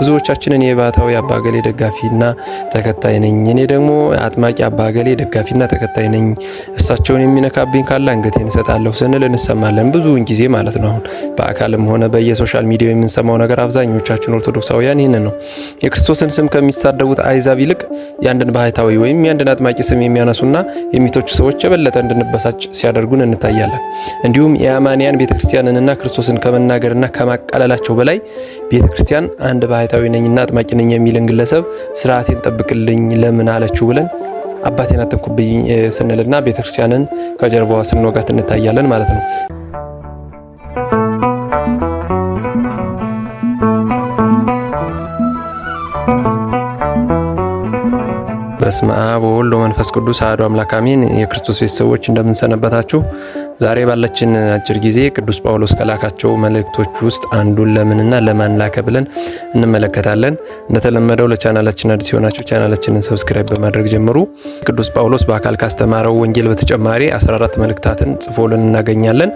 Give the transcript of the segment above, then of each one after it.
ብዙዎቻችንን የባህታዊ አባገሌ ደጋፊና ተከታይ ነኝ፣ እኔ ደግሞ አጥማቂ አባገሌ ደጋፊና ተከታይ ነኝ፣ እሳቸውን የሚነካብኝ ካለ አንገቴን እሰጣለሁ ስንል እንሰማለን። ብዙውን ጊዜ ማለት ነው። አሁን በአካልም ሆነ በየሶሻል ሚዲያ የምንሰማው ነገር አብዛኞቻችን ኦርቶዶክሳውያን ይህን ነው። የክርስቶስን ስም ከሚሳደቡት አይዛብ ይልቅ የአንድን ባህታዊ ወይም የአንድን አጥማቂ ስም የሚያነሱና የሚቶቹ ሰዎች የበለጠ እንድንበሳጭ ሲያደርጉን እንታያለን። እንዲሁም የአማንያን ቤተክርስቲያንንና ክርስቶስን ከመናገርና ከማቃለላቸው በላይ ቤተክርስቲያን አንድ ባህታ ሰማዕታዊ ነኝና አጥማቂ ነኝ የሚልን ግለሰብ ስርዓቴን ጠብቅልኝ ለምን አለችው ብለን አባቴን አተኩብኝ ስንልና ቤተክርስቲያንን ከጀርባዋ ስንወጋት እንታያለን ማለት ነው። በስመ አብ ወወልድ ወመንፈስ ቅዱስ አሐዱ አምላክ አሜን። የክርስቶስ ቤተሰቦች እንደምንሰነበታችሁ ዛሬ ባለችን አጭር ጊዜ ቅዱስ ጳውሎስ ከላካቸው መልእክቶች ውስጥ አንዱን ለምንና ለማን ላከ ብለን እንመለከታለን። እንደተለመደው ለቻናላችን አዲስ የሆናችሁ ቻናላችንን ሰብስክራይብ በማድረግ ጀምሩ። ቅዱስ ጳውሎስ በአካል ካስተማረው ወንጌል በተጨማሪ 14 መልእክታትን ጽፎልን እናገኛለን።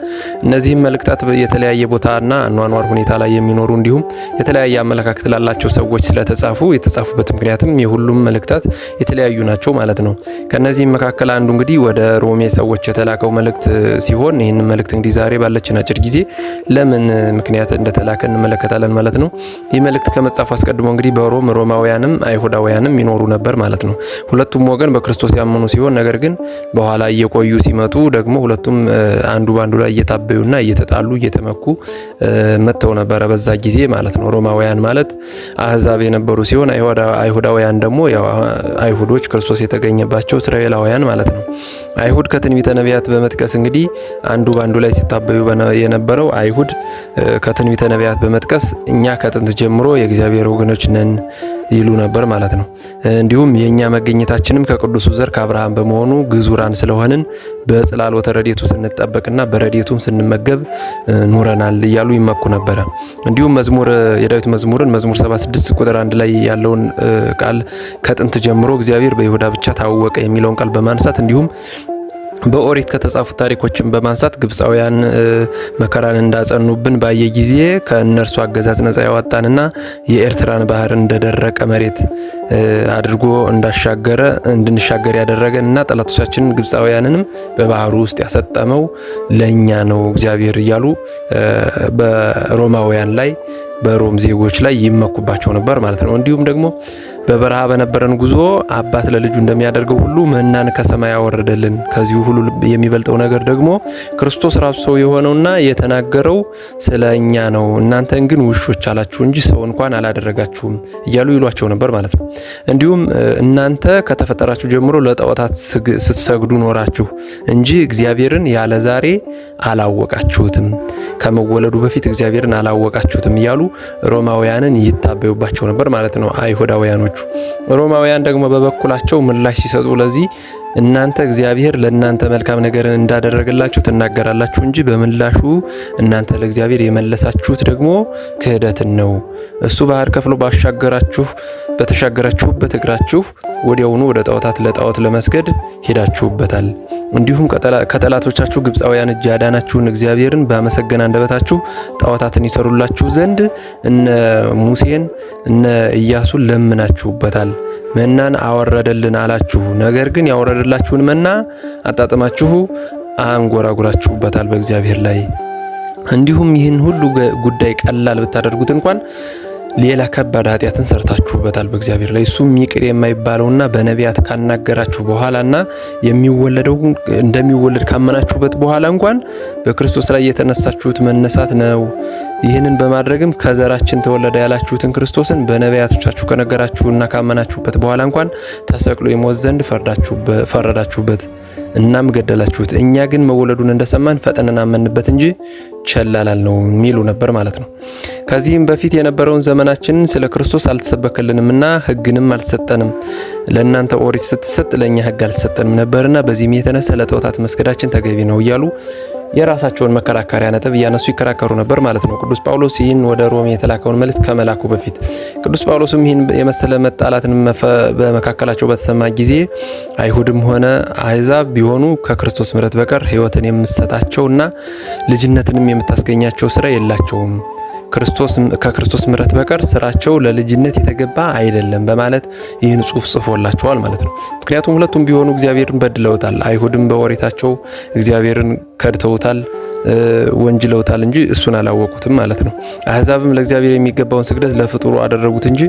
እነዚህም መልእክታት የተለያየ ቦታና አኗኗር ሁኔታ ላይ የሚኖሩ እንዲሁም የተለያየ አመለካከት ላላቸው ሰዎች ስለተጻፉ የተጻፉበት ምክንያትም የሁሉም መልእክታት የተለያዩ ናቸው ማለት ነው። ከነዚህም መካከል አንዱ እንግዲህ ወደ ሮሜ ሰዎች የተላከው መልእክት ሲሆን ይህንን መልእክት እንግዲህ ዛሬ ባለችን አጭር ጊዜ ለምን ምክንያት እንደተላከ እንመለከታለን ማለት ነው። ይህ መልእክት ከመጻፉ አስቀድሞ እንግዲህ በሮም ሮማውያንም አይሁዳውያንም ይኖሩ ነበር ማለት ነው። ሁለቱም ወገን በክርስቶስ ያመኑ ሲሆን ነገር ግን በኋላ እየቆዩ ሲመጡ ደግሞ ሁለቱም አንዱ በአንዱ ላይ እየታበዩና እየተጣሉ እየተመኩ መጥተው ነበረ በዛ ጊዜ ማለት ነው። ሮማውያን ማለት አህዛብ የነበሩ ሲሆን አይሁዳውያን ደግሞ አይሁዶች ክርስቶስ የተገኘባቸው እስራኤላውያን ማለት ነው። አይሁድ ከትንቢተ ነቢያት በመጥቀስ እንግዲህ አንዱ በአንዱ ላይ ሲታበዩ የነበረው አይሁድ ከትንቢተ ነቢያት በመጥቀስ እኛ ከጥንት ጀምሮ የእግዚአብሔር ወገኖች ነን ይሉ ነበር ማለት ነው። እንዲሁም የእኛ መገኘታችንም ከቅዱሱ ዘር ከአብርሃም በመሆኑ ግዙራን ስለሆንን በጽላሎተ ረዴቱ ስንጠበቅና በረዴቱም ስንመገብ ኑረናል እያሉ ይመኩ ነበረ። እንዲሁም መዝሙር የዳዊት መዝሙርን መዝሙር 76 ቁጥር አንድ ላይ ያለውን ቃል ከጥንት ጀምሮ እግዚአብሔር በይሁዳ ብቻ ታወቀ የሚለውን ቃል በማንሳት እንዲሁም በኦሪት ከተጻፉ ታሪኮችን በማንሳት ግብፃውያን መከራን እንዳጸኑብን ባየ ጊዜ ከእነርሱ አገዛዝ ነጻ ያወጣንና የኤርትራን ባህር እንደደረቀ መሬት አድርጎ እንዳሻገረ እንድንሻገር ያደረገን እና ጠላቶቻችንን ግብፃውያንንም በባህሩ ውስጥ ያሰጠመው ለእኛ ነው እግዚአብሔር እያሉ በሮማውያን ላይ በሮም ዜጎች ላይ ይመኩባቸው ነበር ማለት ነው። እንዲሁም ደግሞ በበረሃ በነበረን ጉዞ አባት ለልጁ እንደሚያደርገው ሁሉ መናን ከሰማይ አወረደልን። ከዚሁ ሁሉ የሚበልጠው ነገር ደግሞ ክርስቶስ ራሱ ሰው የሆነውና የተናገረው ስለ እኛ ነው። እናንተን ግን ውሾች አላችሁ እንጂ ሰው እንኳን አላደረጋችሁም እያሉ ይሏቸው ነበር ማለት ነው። እንዲሁም እናንተ ከተፈጠራችሁ ጀምሮ ለጣዖታት ስትሰግዱ ኖራችሁ እንጂ እግዚአብሔርን ያለ ዛሬ አላወቃችሁትም፣ ከመወለዱ በፊት እግዚአብሔርን አላወቃችሁትም እያሉ ሮማውያንን ይታበዩባቸው ነበር ማለት ነው አይሁዳውያኖች ትችላላችሁ። ሮማውያን ደግሞ በበኩላቸው ምላሽ ሲሰጡ ለዚህ እናንተ እግዚአብሔር ለእናንተ መልካም ነገርን እንዳደረገላችሁ ትናገራላችሁ እንጂ በምላሹ እናንተ ለእግዚአብሔር የመለሳችሁት ደግሞ ክህደትን ነው። እሱ ባህር ከፍሎ ባሻገራችሁ በተሻገራችሁበት እግራችሁ ወዲያውኑ ወደ ጣዖታት ለጣዖት ለመስገድ ሄዳችሁበታል። እንዲሁም ከጠላቶቻችሁ ግብፃውያን እጅ ያዳናችሁን እግዚአብሔርን በመሰገን አንደበታችሁ ጣዖታትን ይሰሩላችሁ ዘንድ እነ ሙሴን እነ ኢያሱን ለምናችሁበታል። መናን አወረደልን አላችሁ። ነገር ግን ያወረደላችሁን መና አጣጥማችሁ አንጎራጉራችሁበታል በእግዚአብሔር ላይ። እንዲሁም ይህን ሁሉ ጉዳይ ቀላል ብታደርጉት እንኳን ሌላ ከባድ ኃጢአትን ሰርታችሁበታል በእግዚአብሔር ላይ እሱም ይቅር የማይባለውና በነቢያት ካናገራችሁ በኋላና የሚወለደው እንደሚወለድ ካመናችሁበት በኋላ እንኳን በክርስቶስ ላይ የተነሳችሁት መነሳት ነው። ይህንን በማድረግም ከዘራችን ተወለደ ያላችሁትን ክርስቶስን በነቢያቶቻችሁ ከነገራችሁና ካመናችሁበት በኋላ እንኳን ተሰቅሎ ይሞት ዘንድ ፈረዳችሁበት፣ እናም ገደላችሁት። እኛ ግን መወለዱን እንደሰማን ፈጥነን አመንበት እንጂ ቸላላል ነው የሚሉ ነበር ማለት ነው። ከዚህም በፊት የነበረውን ዘመናችንን ስለ ክርስቶስ አልተሰበከልንምና ሕግንም አልሰጠንም። ለእናንተ ኦሪት ስትሰጥ ለእኛ ሕግ አልተሰጠንም ነበርና በዚህም የተነሳ ለጣዖታት መስገዳችን ተገቢ ነው እያሉ የራሳቸውን መከራከሪያ ነጥብ እያነሱ ይከራከሩ ነበር ማለት ነው። ቅዱስ ጳውሎስ ይህን ወደ ሮም የተላከውን መልእክት ከመላኩ በፊት ቅዱስ ጳውሎስም ይህን የመሰለ መጣላትን በመካከላቸው በተሰማ ጊዜ አይሁድም ሆነ አሕዛብ ቢሆኑ ከክርስቶስ ምሕረት በቀር ሕይወትን እና ልጅነትንም የምታስገኛቸው ስራ የላቸውም ከክርስቶስ ምረት በቀር ስራቸው ለልጅነት የተገባ አይደለም በማለት ይህን ጽሁፍ ጽፎላቸዋል ማለት ነው። ምክንያቱም ሁለቱም ቢሆኑ እግዚአብሔርን በድለውታል። አይሁድም በወሬታቸው እግዚአብሔርን ከድተውታል። ወንጅለውታል እንጂ እሱን አላወቁትም ማለት ነው። አህዛብም ለእግዚአብሔር የሚገባውን ስግደት ለፍጡሩ አደረጉት እንጂ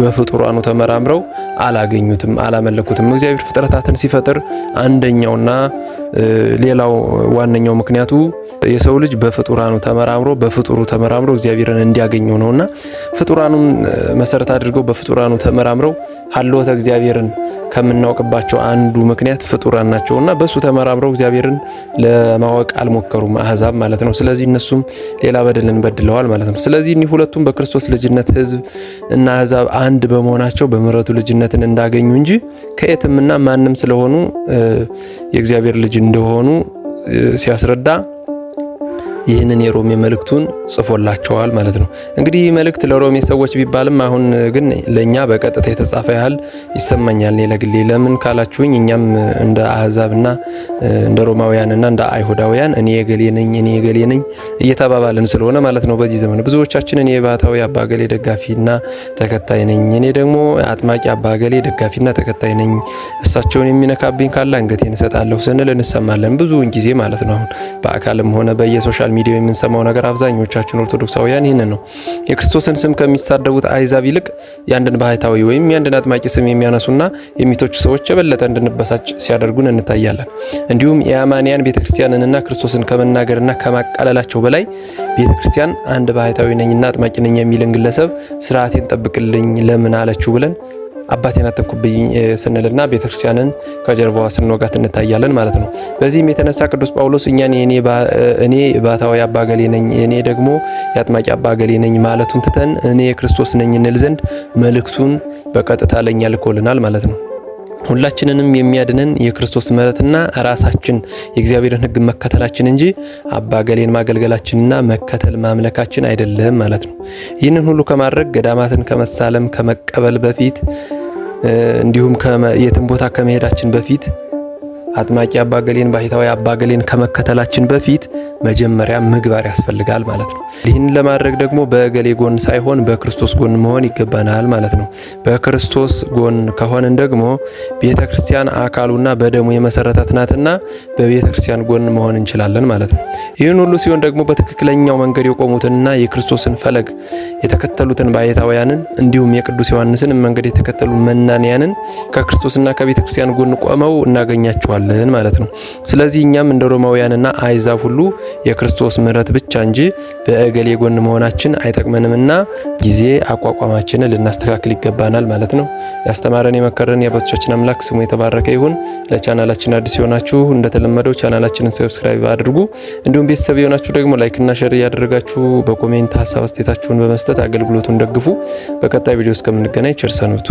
በፍጡራኑ ተመራምረው አላገኙትም፣ አላመለኩትም። እግዚአብሔር ፍጥረታትን ሲፈጥር አንደኛውና ሌላው ዋነኛው ምክንያቱ የሰው ልጅ በፍጡራኑ ተመራምሮ በፍጡሩ ተመራምሮ እግዚአብሔርን እንዲያገኘው ነውና ፍጡራኑን መሰረት አድርገው በፍጡራኑ ተመራምረው ሀልወተ እግዚአብሔርን ከምናውቅባቸው አንዱ ምክንያት ፍጡራን እና በሱ ተመራምረው እግዚአብሔርን ለማወቅ አልሞከሩም አህዛብ ማለት ነው። ስለዚህ እነሱም ሌላ በደልን በድለዋል ማለት ነው። ስለዚህ እኒህ ሁለቱም በክርስቶስ ልጅነት ህዝብ እና አህዛብ አንድ በመሆናቸው በምሕረቱ ልጅነትን እንዳገኙ እንጂ ከየትምና ማንም ስለሆኑ የእግዚአብሔር ልጅ እንደሆኑ ሲያስረዳ ይህንን የሮሜ መልእክቱን ጽፎላቸዋል ማለት ነው። እንግዲህ ይህ መልእክት ለሮሜ ሰዎች ቢባልም አሁን ግን ለእኛ በቀጥታ የተጻፈ ያህል ይሰማኛል እኔ ለግሌ። ለምን ካላችሁኝ እኛም እንደ አህዛብና እንደ ሮማውያንና እንደ አይሁዳውያን እኔ የገሌ ነኝ እኔ የገሌ ነኝ እየተባባልን ስለሆነ ማለት ነው። በዚህ ዘመን ብዙዎቻችን እኔ የባህታዊ አባገሌ ደጋፊና ተከታይ ነኝ፣ እኔ ደግሞ አጥማቂ አባገሌ ደጋፊና ተከታይ ነኝ፣ እሳቸውን የሚነካብኝ ካለ አንገቴን እሰጣለሁ ስንል እንሰማለን ብዙውን ጊዜ ማለት ነው። አሁን በአካልም ሆነ በየሶሻል በሶሻል ሚዲያ የምንሰማው ነገር አብዛኞቻችን ኦርቶዶክሳውያን ይህንን ነው። የክርስቶስን ስም ከሚሳደቡት አይዛብ ይልቅ የአንድን ባህታዊ ወይም የአንድን አጥማቂ ስም የሚያነሱና የሚተቹ ሰዎች የበለጠ እንድንበሳጭ ሲያደርጉን እንታያለን። እንዲሁም የአማንያን ቤተክርስቲያንንና ክርስቶስን ከመናገርና ከማቃለላቸው በላይ ቤተክርስቲያን አንድ ባህታዊ ነኝና አጥማቂ ነኝ የሚልን ግለሰብ ስርዓቴን ጠብቅልኝ ለምን አለችው ብለን አባቴን አተኩብኝ ስንልና ቤተክርስቲያንን ከጀርባዋ ስንወጋት እንታያለን ማለት ነው። በዚህም የተነሳ ቅዱስ ጳውሎስ እኛን እኔ ባታዊ አባገሌ ነኝ፣ እኔ ደግሞ የአጥማቂ አባገሌ ነኝ ማለቱን ትተን እኔ የክርስቶስ ነኝ እንል ዘንድ መልእክቱን በቀጥታ ለእኛ ልኮልናል ማለት ነው። ሁላችንንም የሚያድነን የክርስቶስ ምሕረትና ራሳችን የእግዚአብሔርን ሕግ መከተላችን እንጂ አባገሌን ማገልገላችንና መከተል ማምለካችን አይደለም ማለት ነው። ይህንን ሁሉ ከማድረግ ገዳማትን ከመሳለም ከመቀበል በፊት እንዲሁም የትም ቦታ ከመሄዳችን በፊት አጥማቂ አባገሌን ባህታዊ አባገሌን ከመከተላችን በፊት መጀመሪያ ምግባር ያስፈልጋል ማለት ነው። ይህን ለማድረግ ደግሞ በእገሌ ጎን ሳይሆን በክርስቶስ ጎን መሆን ይገባናል ማለት ነው። በክርስቶስ ጎን ከሆንን ደግሞ ቤተ ክርስቲያን አካሉና በደሙ የመሰረታት ናትና በቤተ ክርስቲያን ጎን መሆን እንችላለን ማለት ነው። ይህን ሁሉ ሲሆን ደግሞ በትክክለኛው መንገድ የቆሙትንና የክርስቶስን ፈለግ የተከተሉትን ባህታውያንን እንዲሁም የቅዱስ ዮሐንስን መንገድ የተከተሉ መናንያንን ከክርስቶስና ከቤተ ክርስቲያን ጎን ቆመው እናገኛቸዋል። እንችላለን ማለት ነው። ስለዚህ እኛም እንደ ሮማውያንና አይዛብ ሁሉ የክርስቶስ ምሕረት ብቻ እንጂ በእገሌ ጎን መሆናችን አይጠቅመንምና ጊዜ አቋቋማችንን ልናስተካክል ይገባናል ማለት ነው። ያስተማረን የመከረን የአባቶቻችን አምላክ ስሙ የተባረከ ይሁን። ለቻናላችን አዲስ የሆናችሁ እንደተለመደው ቻናላችንን ሰብስክራይብ አድርጉ። እንዲሁም ቤተሰብ የሆናችሁ ደግሞ ላይክና ሸር እያደረጋችሁ በኮሜንት ሀሳብ አስተያየታችሁን በመስጠት አገልግሎቱን ደግፉ። በቀጣይ ቪዲዮ እስከምንገናኝ ቸር ሰንብቱ።